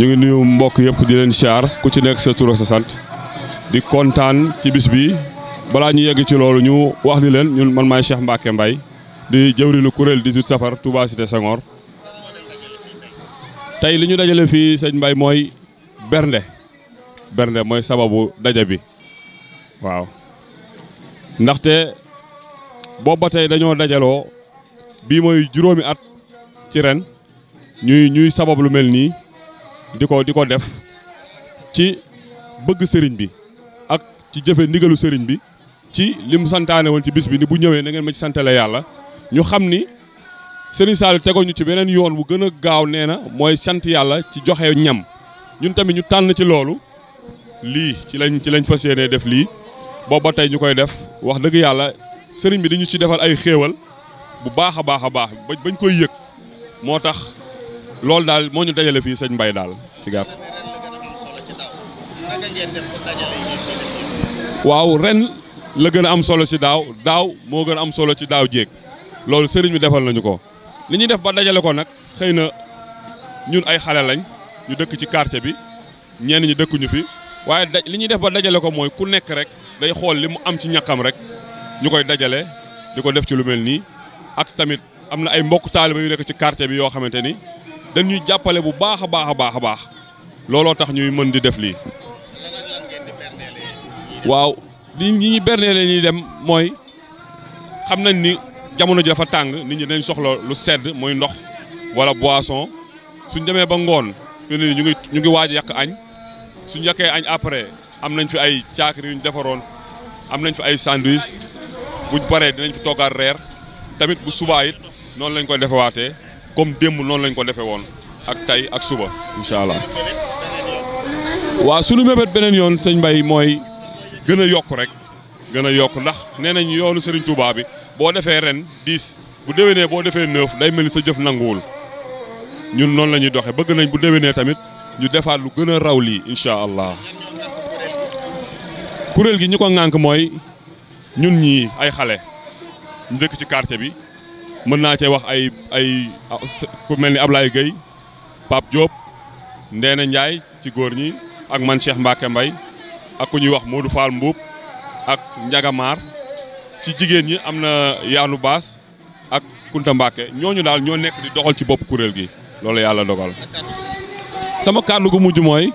ñu ngi nuyu mbokk yëpp di leen siyaar ku ci nekk sa turo sa sant di kontaan ci bis bi balaa ñu yegg ci loolu ñu wax ni leen ñun man maay Cheikh Mbacke mbay di jëwriñu kuréel di 18 safar Touba Cité Senghor tey li ñu dajale fii sëñ mbay mooy bernde bernde mooy sababu daja bi waaw ndaxte booba dañoo dajaloo bi mooy juróomi at ci ren ñuy ñuy sabab lu mel nii di ko di ko def ci bëgg sëriñ bi ak ci jëfe ndigalu sëriñ bi ci li mu santaane woon ci bis bi ni bu ñëwee na ngeen ma ci santale yàlla ñu xam ni sëriñ Saliou tegoo ci beneen yoon wu gën a gaaw nee na mooy sant yàlla ci joxe ñam ñun tamit ñu tànn ci loolu lii ci lañ ci lañ fas yéenee def lii booba tey ñu koy def wax dëgg yàlla sëriñ bi dañu ci defal ay xéewal bu baax a baax a baax bañ koy yëg moo tax loolu daal moo ñu dajale fii sëñ mbay daal ci gàtt. waaw ren la gën a am solo ci daaw daaw moo gën a am solo ci daaw jéeg loolu sëriñ bi defal nañu ko li ñuy def ba dajale ko nag xëy na ñun ay xale lañ ñu dëkk ci quartier bi ñenn ñu dëkkuñu fi waaye da li ñuy def ba dajale ko mooy ku nekk rek day xool li mu am ci ñàkkam rek ñu koy dajale di ko def ci lu mel nii ak tamit am na ay mbokk taaliba yu nekk ci quartier bi yoo xamante ni dañuy jàppale bu baax a baax a baax a baax looloo tax ñuy mën di def lii. waaw li ñuy berneele ñuy dem mooy xam nañ ni jamono ji dafa tàng nit ñi dañ soxla lu sedd muy ndox wala boisson suñ demee ba ngoon fi ni ñu ngi ñu ngi waaj yàq añ suñ yàqee añ après am nañ fi ay caakiri yu ñu defaroon am nañ fi ay sandwich buñ paree dinañ fi toggaat reer tamit bu subaa it noonu lañ koy defewaatee comme démb noonu lañ ko defee woon ak tey ak suba incha allah. waaw sunu mébét beneen yoon sëñ mbay mooy gën a yokk rek gën a yokk ndax nee nañ yoonu Serigne Touba bi boo defee ren dix bu déwénee boo defee neuf day mel ni sa jëf nanguwul ñun noonu la ñuy doxee bëgg nañ bu déwénee tamit ñu defaat lu gën a raw lii incha allah. kuréel gi ñu ko ŋànk mooy ñun ñii ay xale ñu dëkk ci quartier bi. mën naa cee wax ay ay ku mel ni Ablaye Gueye Pape Diop Ndeena njaay ci góor ñi ak man Cheikh Mbacke Mbaye ak ku ñuy wax Modou Fall Mbuub ak Njagamaar ci jigéen ñi am na Yaanu Baas ak Kunta Mbacke ñooñu daal ñoo nekk di doxal ci bopp kuréel gi loolu yàlla dogal sama kàddu gu mujj mooy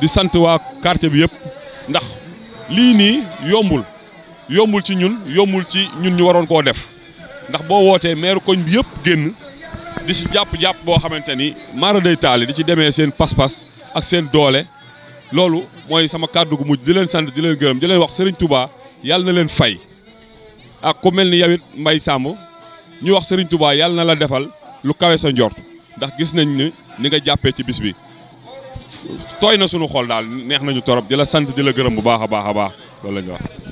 di sant waa quartier bi yëpp ndax lii nii yombul yombul ci ñun yombul ci ñun ñu waroon koo def ndax boo wootee meeru koñ bi yëpp génn di si jàpp-jàpp boo xamante ni maara day taali di ci demee seen pas-pas ak seen doole loolu mooy sama kàddu gu mujj di leen sant di leen gërëm di leen wax Serigne Touba yàlla na leen fay ak ku mel ni yow it Mbaye Samb ñu wax sëriñ Touba yàlla na la defal lu kawe sa njort ndax gis nañ ni ni nga jàppee ci bis bi tooy na sunu xol daal neex nañu torop di la sant di la gërëm bu baax a baax a baax loolu la ñu wax